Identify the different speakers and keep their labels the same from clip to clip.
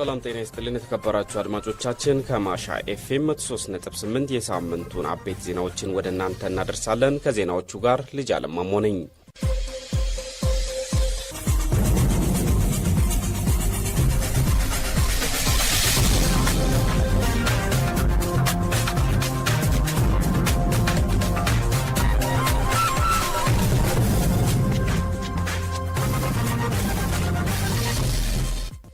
Speaker 1: ሰላም ጤና ይስጥልን የተከበራችሁ አድማጮቻችን፣ ከማሻ ኤፍኤም 38 የሳምንቱን አቤት ዜናዎችን ወደ እናንተ እናደርሳለን። ከዜናዎቹ ጋር ልጅ አለማሞ ነኝ።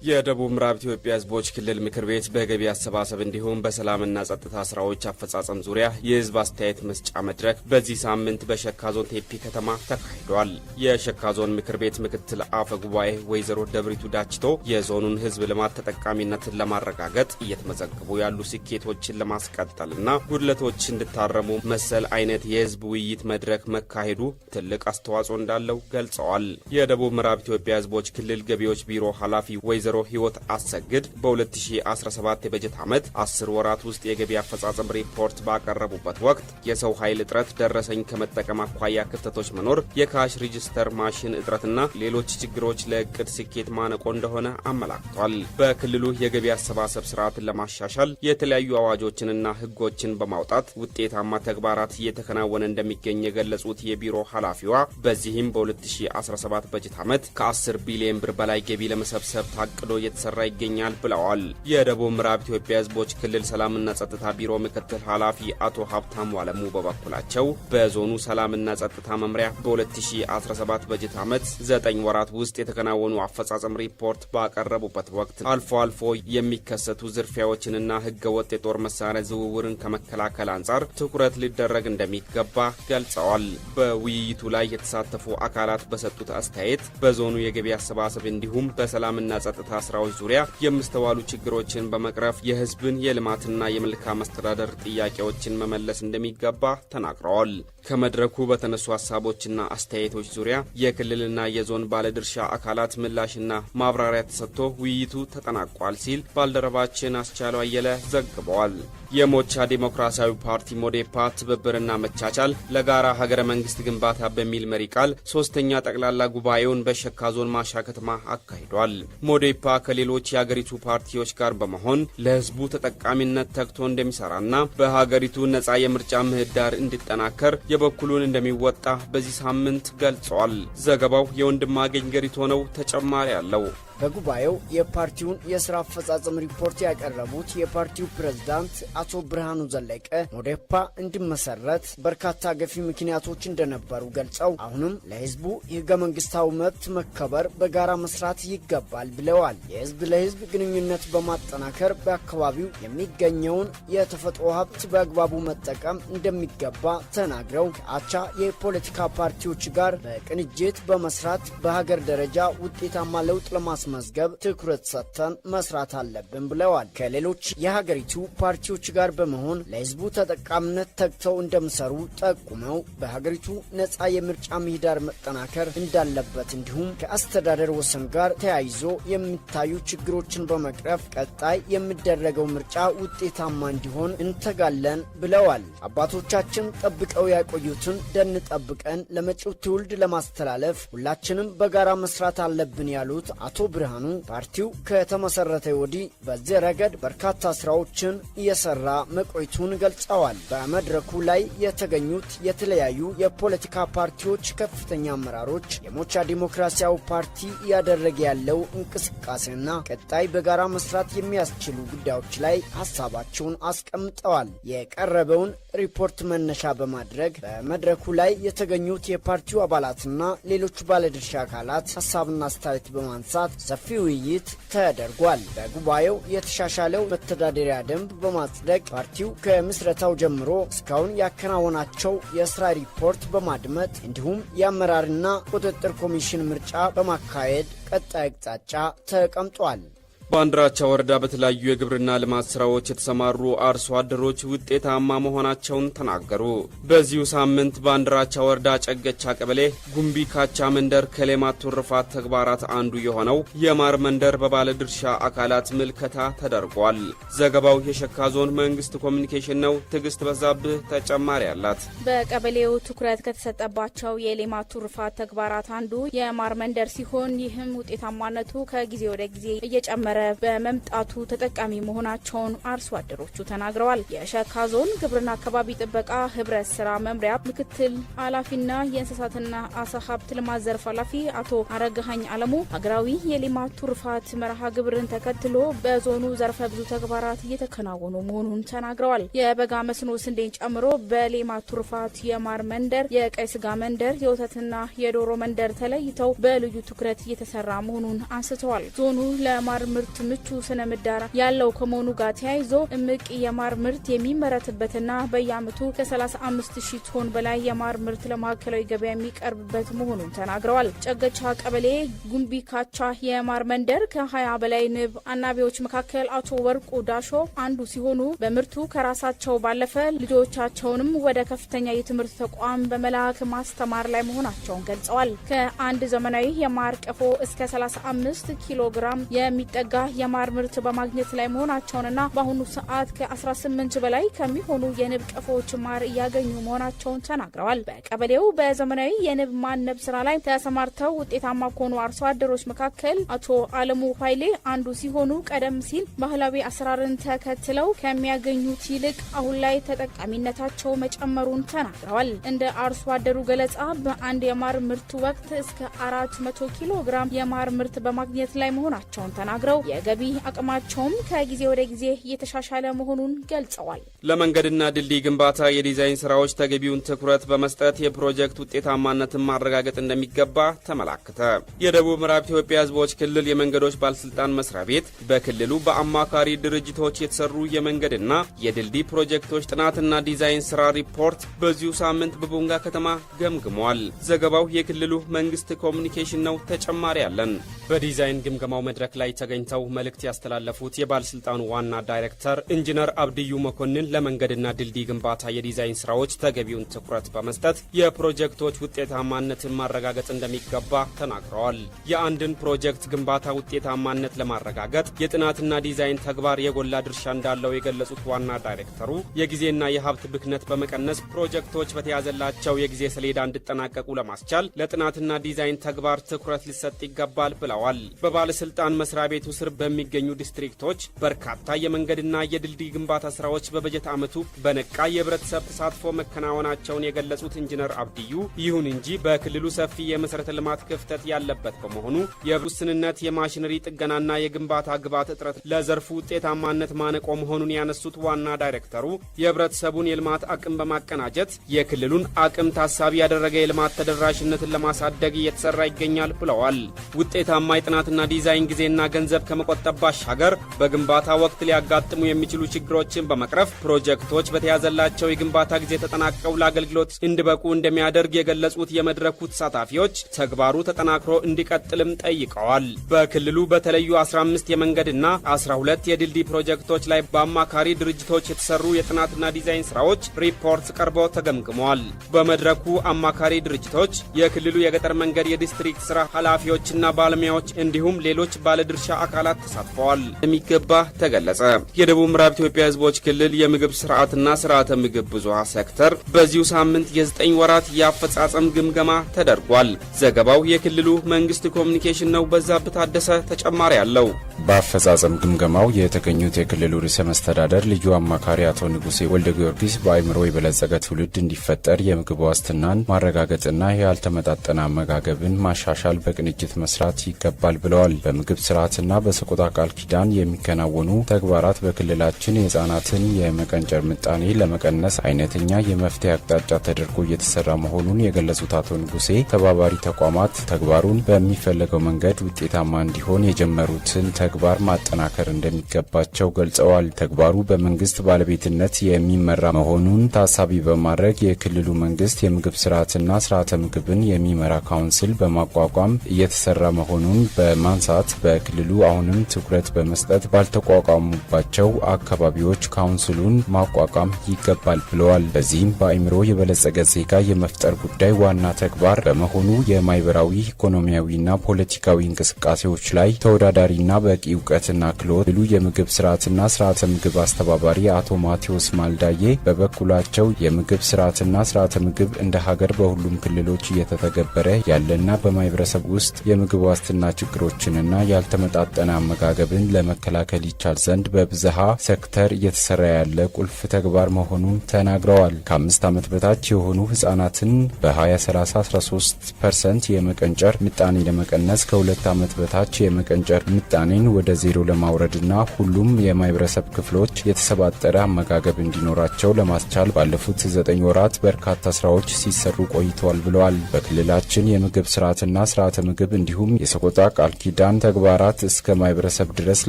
Speaker 1: የደቡብ ምዕራብ ኢትዮጵያ ህዝቦች ክልል ምክር ቤት በገቢ አሰባሰብ እንዲሁም በሰላምና ጸጥታ ስራዎች አፈጻጸም ዙሪያ የህዝብ አስተያየት መስጫ መድረክ በዚህ ሳምንት በሸካ ዞን ቴፒ ከተማ ተካሂዷል። የሸካ ዞን ምክር ቤት ምክትል አፈ ጉባኤ ወይዘሮ ደብሪቱ ዳችቶ የዞኑን ህዝብ ልማት ተጠቃሚነትን ለማረጋገጥ እየተመዘገቡ ያሉ ስኬቶችን ለማስቀጠልና ጉድለቶች እንዲታረሙ መሰል አይነት የህዝብ ውይይት መድረክ መካሄዱ ትልቅ አስተዋጽኦ እንዳለው ገልጸዋል። የደቡብ ምዕራብ ኢትዮጵያ ሕዝቦች ክልል ገቢዎች ቢሮ ኃላፊ ወይዘሮ ወይዘሮ ህይወት አሰግድ በ2017 የበጀት ዓመት አስር ወራት ውስጥ የገቢ አፈጻጸም ሪፖርት ባቀረቡበት ወቅት የሰው ኃይል እጥረት፣ ደረሰኝ ከመጠቀም አኳያ ክፍተቶች መኖር፣ የካሽ ሪጅስተር ማሽን እጥረትና ሌሎች ችግሮች ለእቅድ ስኬት ማነቆ እንደሆነ አመላክቷል። በክልሉ የገቢ አሰባሰብ ስርዓትን ለማሻሻል የተለያዩ አዋጆችንና ህጎችን በማውጣት ውጤታማ ተግባራት እየተከናወነ እንደሚገኝ የገለጹት የቢሮ ኃላፊዋ በዚህም በ2017 በጀት ዓመት ከ10 ቢሊዮን ብር በላይ ገቢ ለመሰብሰብ ታቅ ታቅዶ እየተሰራ ይገኛል ብለዋል። የደቡብ ምዕራብ ኢትዮጵያ ህዝቦች ክልል ሰላምና ጸጥታ ቢሮ ምክትል ኃላፊ አቶ ሀብታሙ አለሙ በበኩላቸው በዞኑ ሰላምና ጸጥታ መምሪያ በ2017 በጀት ዓመት 9 ወራት ውስጥ የተከናወኑ አፈጻጸም ሪፖርት ባቀረቡበት ወቅት አልፎ አልፎ የሚከሰቱ ዝርፊያዎችንና ወጥ የጦር መሳሪያ ዝውውርን ከመከላከል አንጻር ትኩረት ሊደረግ እንደሚገባ ገልጸዋል። በውይይቱ ላይ የተሳተፉ አካላት በሰጡት አስተያየት በዞኑ የገቢ አሰባሰብ እንዲሁም በሰላምና ጸጥታ ስራዎች ዙሪያ የሚስተዋሉ ችግሮችን በመቅረፍ የህዝብን የልማትና የመልካም መስተዳደር ጥያቄዎችን መመለስ እንደሚገባ ተናግረዋል። ከመድረኩ በተነሱ ሀሳቦችና አስተያየቶች ዙሪያ የክልልና የዞን ባለድርሻ አካላት ምላሽና ማብራሪያ ተሰጥቶ ውይይቱ ተጠናቋል ሲል ባልደረባችን አስቻለው አየለ ዘግበዋል። የሞቻ ዴሞክራሲያዊ ፓርቲ ሞዴፓ ትብብርና መቻቻል ለጋራ ሀገረ መንግስት ግንባታ በሚል መሪ ቃል ሶስተኛ ጠቅላላ ጉባኤውን በሸካ ዞን ማሻ ከተማ አካሂዷል። ሞዴፓ ኢዴፓ ከሌሎች የአገሪቱ ፓርቲዎች ጋር በመሆን ለህዝቡ ተጠቃሚነት ተግቶ እንደሚሰራና በሀገሪቱ ነጻ የምርጫ ምህዳር እንዲጠናከር የበኩሉን እንደሚወጣ በዚህ ሳምንት ገልጸዋል። ዘገባው የወንድማገኝ ገሪቶ ነው። ተጨማሪ አለው።
Speaker 2: በጉባኤው የፓርቲውን የስራ አፈጻጸም ሪፖርት ያቀረቡት የፓርቲው ፕሬዝዳንት አቶ ብርሃኑ ዘለቀ ሞዴፓ እንዲመሰረት በርካታ ገፊ ምክንያቶች እንደነበሩ ገልጸው አሁንም ለህዝቡ የህገ መንግስታዊ መብት መከበር በጋራ መስራት ይገባል ብለዋል። የህዝብ ለህዝብ ግንኙነት በማጠናከር በአካባቢው የሚገኘውን የተፈጥሮ ሀብት በአግባቡ መጠቀም እንደሚገባ ተናግረው ከአቻ የፖለቲካ ፓርቲዎች ጋር በቅንጅት በመስራት በሀገር ደረጃ ውጤታማ ለውጥ ለማስ መዝገብ ትኩረት ሰጥተን መስራት አለብን ብለዋል። ከሌሎች የሀገሪቱ ፓርቲዎች ጋር በመሆን ለህዝቡ ተጠቃሚነት ተግተው እንደሚሰሩ ጠቁመው በሀገሪቱ ነጻ የምርጫ ምህዳር መጠናከር እንዳለበት እንዲሁም ከአስተዳደር ወሰን ጋር ተያይዞ የሚታዩ ችግሮችን በመቅረፍ ቀጣይ የሚደረገው ምርጫ ውጤታማ እንዲሆን እንተጋለን ብለዋል። አባቶቻችን ጠብቀው ያቆዩትን ደን ጠብቀን ለመጪው ትውልድ ለማስተላለፍ ሁላችንም በጋራ መስራት አለብን ያሉት አቶ ብርሃኑ ፓርቲው ከተመሰረተ ወዲህ በዚህ ረገድ በርካታ ስራዎችን እየሰራ መቆይቱን ገልጸዋል። በመድረኩ ላይ የተገኙት የተለያዩ የፖለቲካ ፓርቲዎች ከፍተኛ አመራሮች የሞቻ ዲሞክራሲያዊ ፓርቲ እያደረገ ያለው እንቅስቃሴና ቀጣይ በጋራ መስራት የሚያስችሉ ጉዳዮች ላይ ሀሳባቸውን አስቀምጠዋል። የቀረበውን ሪፖርት መነሻ በማድረግ በመድረኩ ላይ የተገኙት የፓርቲው አባላትና ሌሎች ባለድርሻ አካላት ሀሳብና አስተያየት በማንሳት ሰፊ ውይይት ተደርጓል። በጉባኤው የተሻሻለው መተዳደሪያ ደንብ በማጽደቅ ፓርቲው ከምስረታው ጀምሮ እስካሁን ያከናወናቸው የስራ ሪፖርት በማድመጥ እንዲሁም የአመራርና ቁጥጥር ኮሚሽን ምርጫ በማካሄድ ቀጣይ አቅጣጫ ተቀምጧል።
Speaker 1: በአንድራቻ ወረዳ በተለያዩ የግብርና ልማት ስራዎች የተሰማሩ አርሶ አደሮች ውጤታማ መሆናቸውን ተናገሩ። በዚሁ ሳምንት በአንድራቻ ወረዳ ጨገቻ ቀበሌ ጉምቢ ካቻ መንደር ከሌማት ትሩፋት ተግባራት አንዱ የሆነው የማር መንደር በባለ ድርሻ አካላት ምልከታ ተደርጓል። ዘገባው የሸካ ዞን መንግስት ኮሚኒኬሽን ነው። ትዕግስት በዛብህ ተጨማሪ አላት።
Speaker 3: በቀበሌው ትኩረት ከተሰጠባቸው የሌማት ትሩፋት ተግባራት አንዱ የማር መንደር ሲሆን ይህም ውጤታማነቱ ከጊዜ ወደ ጊዜ እየጨመረ እየጨመረ በመምጣቱ ተጠቃሚ መሆናቸውን አርሶ አደሮቹ ተናግረዋል። የሸካ ዞን ግብርና አካባቢ ጥበቃ ህብረት ስራ መምሪያ ምክትል ኃላፊና የእንስሳትና አሳ ሀብት ልማት ዘርፍ ኃላፊ አቶ አረጋሀኝ አለሙ ሀገራዊ የሌማት ቱርፋት መርሃ ግብርን ተከትሎ በዞኑ ዘርፈ ብዙ ተግባራት እየተከናወኑ መሆኑን ተናግረዋል። የበጋ መስኖ ስንዴን ጨምሮ በሌማት ቱርፋት የማር መንደር፣ የቀይ ስጋ መንደር፣ የወተትና የዶሮ መንደር ተለይተው በልዩ ትኩረት እየተሰራ መሆኑን አንስተዋል። ዞኑ ለማር ምር ምርት ምቹ ስነ ምህዳር ያለው ከመሆኑ ጋር ተያይዞ እምቅ የማር ምርት የሚመረትበትና በየዓመቱ ከ35 ሺህ ቶን በላይ የማር ምርት ለማዕከላዊ ገበያ የሚቀርብበት መሆኑን ተናግረዋል። ጨገቻ ቀበሌ ጉምቢ ካቻ የማር መንደር ከ20 በላይ ንብ አናቢዎች መካከል አቶ ወርቁ ዳሾ አንዱ ሲሆኑ በምርቱ ከራሳቸው ባለፈ ልጆቻቸውንም ወደ ከፍተኛ የትምህርት ተቋም በመላክ ማስተማር ላይ መሆናቸውን ገልጸዋል። ከአንድ ዘመናዊ የማር ቀፎ እስከ 35 ኪሎ ግራም የሚጠጋ የማር ምርት በማግኘት ላይ መሆናቸውንና በአሁኑ ሰዓት ከ18 በላይ ከሚሆኑ የንብ ቀፎዎች ማር እያገኙ መሆናቸውን ተናግረዋል። በቀበሌው በዘመናዊ የንብ ማነብ ስራ ላይ ተሰማርተው ውጤታማ ከሆኑ አርሶ አደሮች መካከል አቶ አለሙ ኃይሌ አንዱ ሲሆኑ ቀደም ሲል ባህላዊ አሰራርን ተከትለው ከሚያገኙት ይልቅ አሁን ላይ ተጠቃሚነታቸው መጨመሩን ተናግረዋል። እንደ አርሶ አደሩ ገለጻ በአንድ የማር ምርቱ ወቅት እስከ አራት መቶ ኪሎ ግራም የማር ምርት በማግኘት ላይ መሆናቸውን ተናግረው የገቢ አቅማቸውም ከጊዜ ወደ ጊዜ እየተሻሻለ መሆኑን ገልጸዋል።
Speaker 1: ለመንገድና ድልድይ ግንባታ የዲዛይን ስራዎች ተገቢውን ትኩረት በመስጠት የፕሮጀክት ውጤታማነትን ማረጋገጥ እንደሚገባ ተመላክተ። የደቡብ ምዕራብ ኢትዮጵያ ህዝቦች ክልል የመንገዶች ባለስልጣን መስሪያ ቤት በክልሉ በአማካሪ ድርጅቶች የተሰሩ የመንገድና የድልድይ ፕሮጀክቶች ጥናትና ዲዛይን ስራ ሪፖርት በዚሁ ሳምንት በቦንጋ ከተማ ገምግሟል። ዘገባው የክልሉ መንግስት ኮሚኒኬሽን ነው። ተጨማሪ አለን። በዲዛይን ግምገማው መድረክ ላይ ተገኝተው ተገኝተው መልእክት ያስተላለፉት የባለስልጣኑ ዋና ዳይሬክተር ኢንጂነር አብድዩ መኮንን ለመንገድና ድልድይ ግንባታ የዲዛይን ስራዎች ተገቢውን ትኩረት በመስጠት የፕሮጀክቶች ውጤታማነትን ማረጋገጥ እንደሚገባ ተናግረዋል። የአንድን ፕሮጀክት ግንባታ ውጤታማነት ለማረጋገጥ የጥናትና ዲዛይን ተግባር የጎላ ድርሻ እንዳለው የገለጹት ዋና ዳይሬክተሩ የጊዜና የሀብት ብክነት በመቀነስ ፕሮጀክቶች በተያዘላቸው የጊዜ ሰሌዳ እንዲጠናቀቁ ለማስቻል ለጥናትና ዲዛይን ተግባር ትኩረት ሊሰጥ ይገባል ብለዋል። በባለስልጣን መስሪያ ቤቱ ስር ስር በሚገኙ ዲስትሪክቶች በርካታ የመንገድና የድልድይ ግንባታ ስራዎች በበጀት ዓመቱ በነቃ የህብረተሰብ ተሳትፎ መከናወናቸውን የገለጹት ኢንጂነር አብድዩ፣ ይሁን እንጂ በክልሉ ሰፊ የመሠረተ ልማት ክፍተት ያለበት በመሆኑ የውስንነት የማሽነሪ ጥገናና የግንባታ ግብዓት እጥረት ለዘርፉ ውጤታማነት ማነቆ መሆኑን ያነሱት ዋና ዳይሬክተሩ የህብረተሰቡን የልማት አቅም በማቀናጀት የክልሉን አቅም ታሳቢ ያደረገ የልማት ተደራሽነትን ለማሳደግ እየተሰራ ይገኛል ብለዋል። ውጤታማ የጥናትና ዲዛይን ጊዜና ገንዘብ ከመቆጠብ ባሻገር በግንባታ ወቅት ሊያጋጥሙ የሚችሉ ችግሮችን በመቅረፍ ፕሮጀክቶች በተያዘላቸው የግንባታ ጊዜ ተጠናቀው ለአገልግሎት እንዲበቁ እንደሚያደርግ የገለጹት የመድረኩ ተሳታፊዎች ተግባሩ ተጠናክሮ እንዲቀጥልም ጠይቀዋል። በክልሉ በተለዩ 15 የመንገድና 12 የድልድይ ፕሮጀክቶች ላይ በአማካሪ ድርጅቶች የተሰሩ የጥናትና ዲዛይን ስራዎች ሪፖርት ቀርበው ተገምግመዋል። በመድረኩ አማካሪ ድርጅቶች፣ የክልሉ የገጠር መንገድ የዲስትሪክት ስራ ኃላፊዎችና ባለሙያዎች እንዲሁም ሌሎች ባለድርሻ አካላት አካላት ተሳትፈዋል እንደሚገባ ተገለጸ። የደቡብ ምዕራብ ኢትዮጵያ ህዝቦች ክልል የምግብ ስርዓትና ስርዓተ ምግብ ብዙሃን ሴክተር በዚሁ ሳምንት የዘጠኝ ወራት የአፈጻጸም ግምገማ ተደርጓል። ዘገባው የክልሉ መንግስት ኮሚኒኬሽን ነው። በዛብህ ታደሰ ተጨማሪ አለው። በአፈጻጸም ግምገማው የተገኙት የክልሉ ርዕሰ መስተዳደር ልዩ አማካሪ አቶ ንጉሴ ወልደ ጊዮርጊስ በአይምሮ የበለጸገ ትውልድ እንዲፈጠር የምግብ ዋስትናን ማረጋገጥና ያልተመጣጠነ አመጋገብን ማሻሻል በቅንጅት መስራት ይገባል ብለዋል። በምግብ ስርዓትና በሰቆጣ ቃል ኪዳን የሚከናወኑ ተግባራት በክልላችን የህጻናትን የመቀንጨር ምጣኔ ለመቀነስ አይነተኛ የመፍትሄ አቅጣጫ ተደርጎ እየተሰራ መሆኑን የገለጹት አቶ ንጉሴ ተባባሪ ተቋማት ተግባሩን በሚፈለገው መንገድ ውጤታማ እንዲሆን የጀመሩትን ተግባር ማጠናከር እንደሚገባቸው ገልጸዋል። ተግባሩ በመንግስት ባለቤትነት የሚመራ መሆኑን ታሳቢ በማድረግ የክልሉ መንግስት የምግብ ስርዓትና ስርዓተ ምግብን የሚመራ ካውንስል በማቋቋም እየተሰራ መሆኑን በማንሳት በክልሉ ስራውንም ትኩረት በመስጠት ባልተቋቋሙባቸው አካባቢዎች ካውንስሉን ማቋቋም ይገባል ብለዋል። በዚህም በአእምሮ የበለጸገ ዜጋ የመፍጠር ጉዳይ ዋና ተግባር በመሆኑ የማህበራዊ ኢኮኖሚያዊና ፖለቲካዊ እንቅስቃሴዎች ላይ ተወዳዳሪና በቂ እውቀትና ክህሎት ብሉ የምግብ ስርዓትና ስርዓተ ምግብ አስተባባሪ አቶ ማቴዎስ ማልዳዬ በበኩላቸው የምግብ ስርዓትና ስርዓተ ምግብ እንደ ሀገር በሁሉም ክልሎች እየተተገበረ ያለና በማህበረሰብ ውስጥ የምግብ ዋስትና ችግሮችንና ያልተመጣጠነ የተመጣጠነ አመጋገብን ለመከላከል ይቻል ዘንድ በብዝሃ ሴክተር እየተሰራ ያለ ቁልፍ ተግባር መሆኑን ተናግረዋል። ከአምስት ዓመት በታች የሆኑ ህጻናትን በ 2313 ፐርሰንት የመቀንጨር ምጣኔ ለመቀነስ ከሁለት ዓመት በታች የመቀንጨር ምጣኔን ወደ ዜሮ ለማውረድና ሁሉም የማህበረሰብ ክፍሎች የተሰባጠረ አመጋገብ እንዲኖራቸው ለማስቻል ባለፉት ዘጠኝ ወራት በርካታ ስራዎች ሲሰሩ ቆይተዋል ብለዋል። በክልላችን የምግብ ስርዓትና ስርዓተ ምግብ እንዲሁም የሰቆጣ ቃል ኪዳን ተግባራት እስከ ማህበረሰብ ድረስ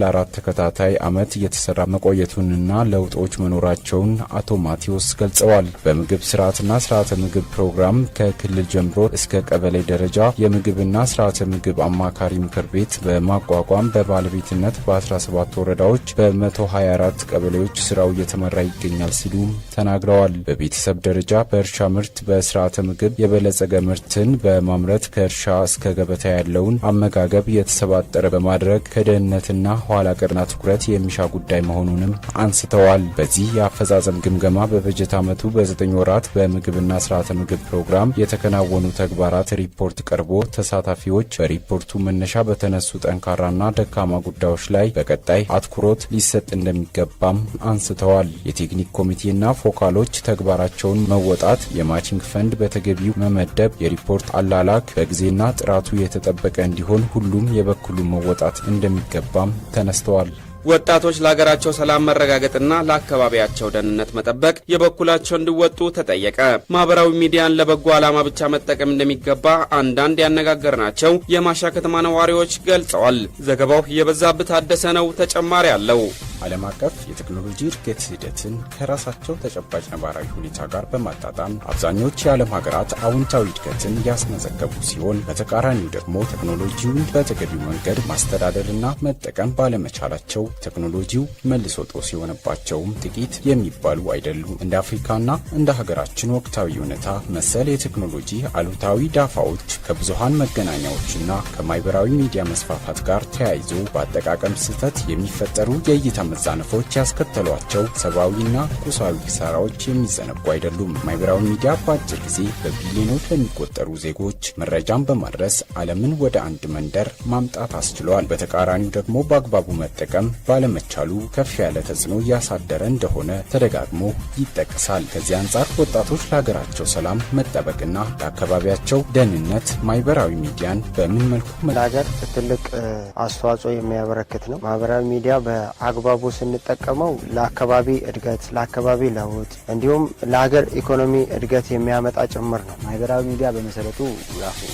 Speaker 1: ለአራት ተከታታይ ዓመት እየተሰራ መቆየቱንና ለውጦች መኖራቸውን አቶ ማቴዎስ ገልጸዋል። በምግብ ስርዓትና ስርዓተ ምግብ ፕሮግራም ከክልል ጀምሮ እስከ ቀበሌ ደረጃ የምግብና ስርዓተ ምግብ አማካሪ ምክር ቤት በማቋቋም በባለቤትነት በ17 ወረዳዎች በ124 ቀበሌዎች ስራው እየተመራ ይገኛል ሲሉ ተናግረዋል። በቤተሰብ ደረጃ በእርሻ ምርት በስርዓተ ምግብ የበለጸገ ምርትን በማምረት ከእርሻ እስከ ገበታ ያለውን አመጋገብ የተሰባጠረ በማድረግ ከደህንነትና ኋላ ቀርና ትኩረት የሚሻ ጉዳይ መሆኑንም አንስተዋል። በዚህ የአፈጻጸም ግምገማ በበጀት ዓመቱ በዘጠኝ ወራት በምግብና ስርዓተ ምግብ ፕሮግራም የተከናወኑ ተግባራት ሪፖርት ቀርቦ ተሳታፊዎች በሪፖርቱ መነሻ በተነሱ ጠንካራና ደካማ ጉዳዮች ላይ በቀጣይ አትኩሮት ሊሰጥ እንደሚገባም አንስተዋል። የቴክኒክ ኮሚቴና ፎካሎች ተግባራቸውን መወጣት፣ የማቺንግ ፈንድ በተገቢው መመደብ፣ የሪፖርት አላላክ በጊዜና ጥራቱ የተጠበቀ እንዲሆን ሁሉም የበኩሉ መወጣት እንደ እንደሚገባም ተነስተዋል። ወጣቶች ለሀገራቸው ሰላም መረጋገጥና ለአካባቢያቸው ደህንነት መጠበቅ የበኩላቸው እንዲወጡ ተጠየቀ። ማህበራዊ ሚዲያን ለበጎ ዓላማ ብቻ መጠቀም እንደሚገባ አንዳንድ ያነጋገርናቸው የማሻ ከተማ ነዋሪዎች ገልጸዋል። ዘገባው የበዛብህ ታደሰ ነው። ተጨማሪ አለው። ዓለም አቀፍ የቴክኖሎጂ እድገት ሂደትን ከራሳቸው ተጨባጭ ነባራዊ ሁኔታ ጋር በማጣጣም አብዛኞቹ የዓለም ሀገራት አዎንታዊ እድገትን ያስመዘገቡ ሲሆን በተቃራኒው ደግሞ ቴክኖሎጂውን በተገቢው መንገድ ማስተዳደርና መጠቀም ባለመቻላቸው ቴክኖሎጂው መልሶ ጦስ የሆነባቸውም ጥቂት የሚባሉ አይደሉም። እንደ አፍሪካና እንደ ሀገራችን ወቅታዊ እውነታ መሰል የቴክኖሎጂ አሉታዊ ዳፋዎች ከብዙሃን መገናኛዎችና ከማህበራዊ ሚዲያ መስፋፋት ጋር ተያይዞ በአጠቃቀም ስህተት የሚፈጠሩ የእይታ መዛነፎች ያስከተሏቸው ሰብአዊና ቁሳዊ ኪሳራዎች የሚዘነጉ አይደሉም። ማህበራዊ ሚዲያ በአጭር ጊዜ በቢሊዮኖች ለሚቆጠሩ ዜጎች መረጃን በማድረስ ዓለምን ወደ አንድ መንደር ማምጣት አስችሏል። በተቃራኒው ደግሞ በአግባቡ መጠቀም ባለመቻሉ ከፍ ያለ ተጽዕኖ እያሳደረ እንደሆነ ተደጋግሞ ይጠቀሳል። ከዚህ አንጻር ወጣቶች ለሀገራቸው ሰላም መጠበቅና ለአካባቢያቸው ደህንነት ማህበራዊ ሚዲያን በምን መልኩ
Speaker 4: ለሀገር ትልቅ አስተዋጽኦ የሚያበረክት ነው። ማህበራዊ ሚዲያ በአግባቡ ስንጠቀመው ለአካባቢ እድገት፣ ለአካባቢ ለውጥ እንዲሁም ለሀገር ኢኮኖሚ እድገት የሚያመጣ ጭምር ነው።
Speaker 5: ማህበራዊ ሚዲያ በመሰረቱ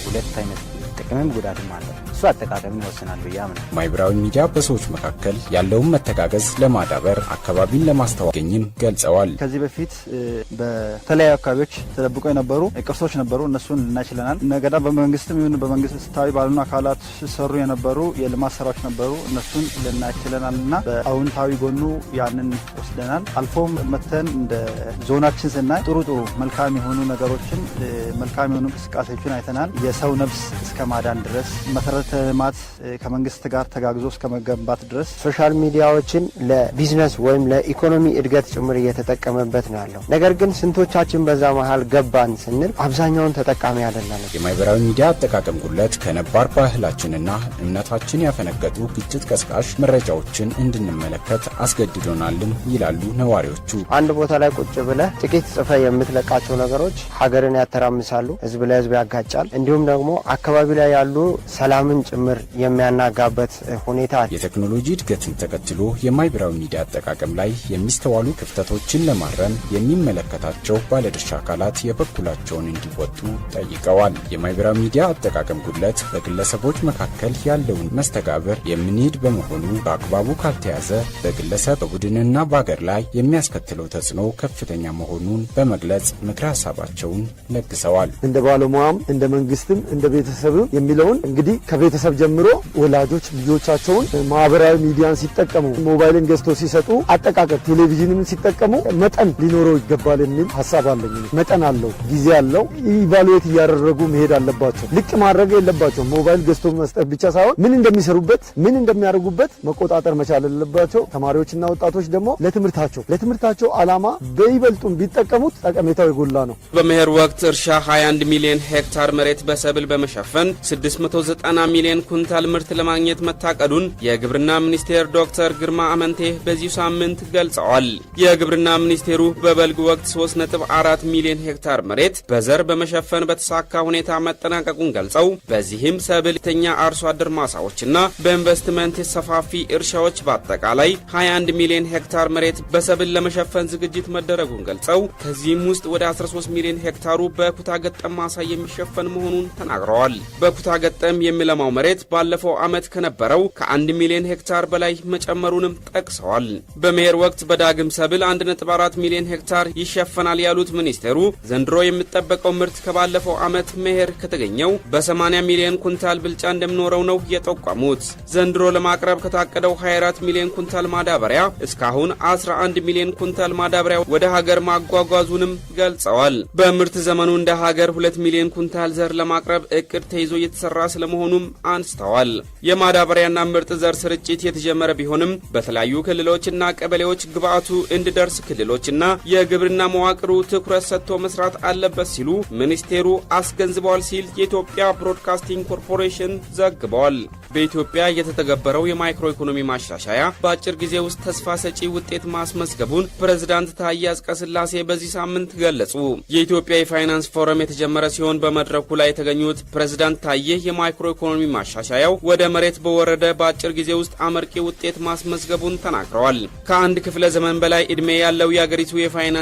Speaker 5: ሁለት አይነት ጥቅምም ጉዳትም አለው። እሱ አጠቃቀም ይወስናል ብዬ አምናለሁ።
Speaker 1: ማይብራዊ ሚዲያ በሰዎች መካከል ያለውን መተጋገዝ ለማዳበር አካባቢን ለማስተዋገኝም ገልጸዋል።
Speaker 6: ከዚህ በፊት በተለያዩ አካባቢዎች ተደብቆ የነበሩ ቅርሶች ነበሩ። እነሱን ልናይ ችለናል። ነገዳ በመንግስትም ይሁን በመንግስት ስታዊ ባልሆኑ አካላት ሲሰሩ የነበሩ የልማት ስራዎች ነበሩ። እነሱን ልናይ ችለናል እና በአዎንታዊ ጎኑ ያንን ወስደናል። አልፎም መተን እንደ ዞናችን ስናይ ጥሩ ጥሩ መልካም የሆኑ ነገሮችን መልካም የሆኑ እንቅስቃሴዎችን አይተናል። የሰው ነፍስ እስከ እስከ ማዳን ድረስ መሰረተ ልማት ከመንግስት ጋር ተጋግዞ እስከ መገንባት ድረስ
Speaker 7: ሶሻል ሚዲያዎችን ለቢዝነስ ወይም ለኢኮኖሚ እድገት ጭምር እየተጠቀመበት ነው ያለው። ነገር ግን ስንቶቻችን በዛ መሀል ገባን ስንል አብዛኛውን ተጠቃሚ አይደለም።
Speaker 8: የማህበራዊ ሚዲያ አጠቃቀም ጉለት ከነባር ባህላችንና እምነታችን ያፈነገጡ ግጭት ቀስቃሽ መረጃዎችን እንድንመለከት አስገድዶናልም ይላሉ ነዋሪዎቹ።
Speaker 9: አንድ ቦታ ላይ ቁጭ ብለህ ጥቂት ጽፈ የምትለቃቸው ነገሮች ሀገርን ያተራምሳሉ፣ ህዝብ ለህዝብ ያጋጫል፣ እንዲሁም ደግሞ አካባቢ ላይ ያሉ ሰላምን ጭምር የሚያናጋበት ሁኔታ።
Speaker 1: የቴክኖሎጂ እድገትን ተከትሎ የማህበራዊ ሚዲያ አጠቃቀም ላይ የሚስተዋሉ ክፍተቶችን ለማረም የሚመለከታቸው ባለድርሻ አካላት የበኩላቸውን እንዲወጡ ጠይቀዋል። የማህበራዊ ሚዲያ አጠቃቀም ጉድለት በግለሰቦች መካከል ያለውን መስተጋብር የምንሄድ በመሆኑ በአግባቡ ካልተያዘ በግለሰብ በቡድንና በአገር ላይ የሚያስከትለው ተጽዕኖ ከፍተኛ መሆኑን በመግለጽ ምክረ ሀሳባቸውን ለግሰዋል።
Speaker 10: እንደ ባለሙያም እንደ መንግስትም እንደ ቤተሰብ አይሆኑም የሚለውን እንግዲህ ከቤተሰብ ጀምሮ ወላጆች ልጆቻቸውን ማህበራዊ ሚዲያን ሲጠቀሙ፣ ሞባይልን ገዝቶ ሲሰጡ አጠቃቀም፣ ቴሌቪዥንን ሲጠቀሙ መጠን ሊኖረው ይገባል የሚል ሀሳብ አለኝ። መጠን አለው፣ ጊዜ አለው። ኢቫሉዌት እያደረጉ መሄድ አለባቸው። ልቅ ማድረግ የለባቸው። ሞባይል ገዝቶ መስጠት ብቻ ሳይሆን ምን እንደሚሰሩበት፣ ምን እንደሚያደርጉበት መቆጣጠር መቻል አለባቸው። ተማሪዎችና ወጣቶች ደግሞ ለትምህርታቸው ለትምህርታቸው አላማ በይበልጡም ቢጠቀሙት ጠቀሜታው የጎላ ነው።
Speaker 1: በመኸር ወቅት እርሻ 21 ሚሊዮን ሄክታር መሬት በሰብል በመሸፈን 690 ሚሊዮን ኩንታል ምርት ለማግኘት መታቀዱን የግብርና ሚኒስቴር ዶክተር ግርማ አመንቴ በዚሁ ሳምንት ገልጸዋል። የግብርና ሚኒስቴሩ በበልግ ወቅት 3.4 ሚሊዮን ሄክታር መሬት በዘር በመሸፈን በተሳካ ሁኔታ መጠናቀቁን ገልጸው በዚህም ሰብልተኛ አርሶ አደር ማሳዎችና በኢንቨስትመንት ሰፋፊ እርሻዎች በአጠቃላይ 21 ሚሊዮን ሄክታር መሬት በሰብል ለመሸፈን ዝግጅት መደረጉን ገልጸው ከዚህም ውስጥ ወደ 13 ሚሊዮን ሄክታሩ በኩታ ገጠም ማሳ የሚሸፈን መሆኑን ተናግረዋል። በኩታ ገጠም የሚለማው መሬት ባለፈው ዓመት ከነበረው ከ ከ1 ሚሊዮን ሄክታር በላይ መጨመሩንም ጠቅሰዋል። በመኸር ወቅት በዳግም ሰብል 1.4 ሚሊዮን ሄክታር ይሸፈናል ያሉት ሚኒስቴሩ ዘንድሮ የሚጠበቀው ምርት ከባለፈው ዓመት መኸር ከተገኘው በ80 ሚሊዮን ኩንታል ብልጫ እንደሚኖረው ነው የጠቋሙት። ዘንድሮ ለማቅረብ ከታቀደው 24 ሚሊዮን ኩንታል ማዳበሪያ እስካሁን 11 ሚሊዮን ኩንታል ማዳበሪያ ወደ ሀገር ማጓጓዙንም ገልጸዋል። በምርት ዘመኑ እንደ ሀገር 2 ሚሊዮን ኩንታል ዘር ለማቅረብ እቅድ ተይዞ ተያይዞ እየተሰራ ስለመሆኑም አንስተዋል። የማዳበሪያና ምርጥ ዘር ስርጭት የተጀመረ ቢሆንም በተለያዩ ክልሎችና ቀበሌዎች ግብአቱ እንዲደርስ ክልሎችና የግብርና መዋቅሩ ትኩረት ሰጥቶ መስራት አለበት ሲሉ ሚኒስቴሩ አስገንዝበዋል ሲል የኢትዮጵያ ብሮድካስቲንግ ኮርፖሬሽን ዘግበዋል። በኢትዮጵያ የተተገበረው የማይክሮ ኢኮኖሚ ማሻሻያ በአጭር ጊዜ ውስጥ ተስፋ ሰጪ ውጤት ማስመዝገቡን ፕሬዝዳንት ታዬ አጽቀሥላሴ በዚህ ሳምንት ገለጹ። የኢትዮጵያ የፋይናንስ ፎረም የተጀመረ ሲሆን በመድረኩ ላይ የተገኙት ፕሬዝዳንት ታየ የማይክሮ ኢኮኖሚ ማሻሻያው ወደ መሬት በወረደ በአጭር ጊዜ ውስጥ አመርቂ ውጤት ማስመዝገቡን ተናግረዋል። ከአንድ ክፍለ ዘመን በላይ ዕድሜ ያለው የአገሪቱ የፋይናንስ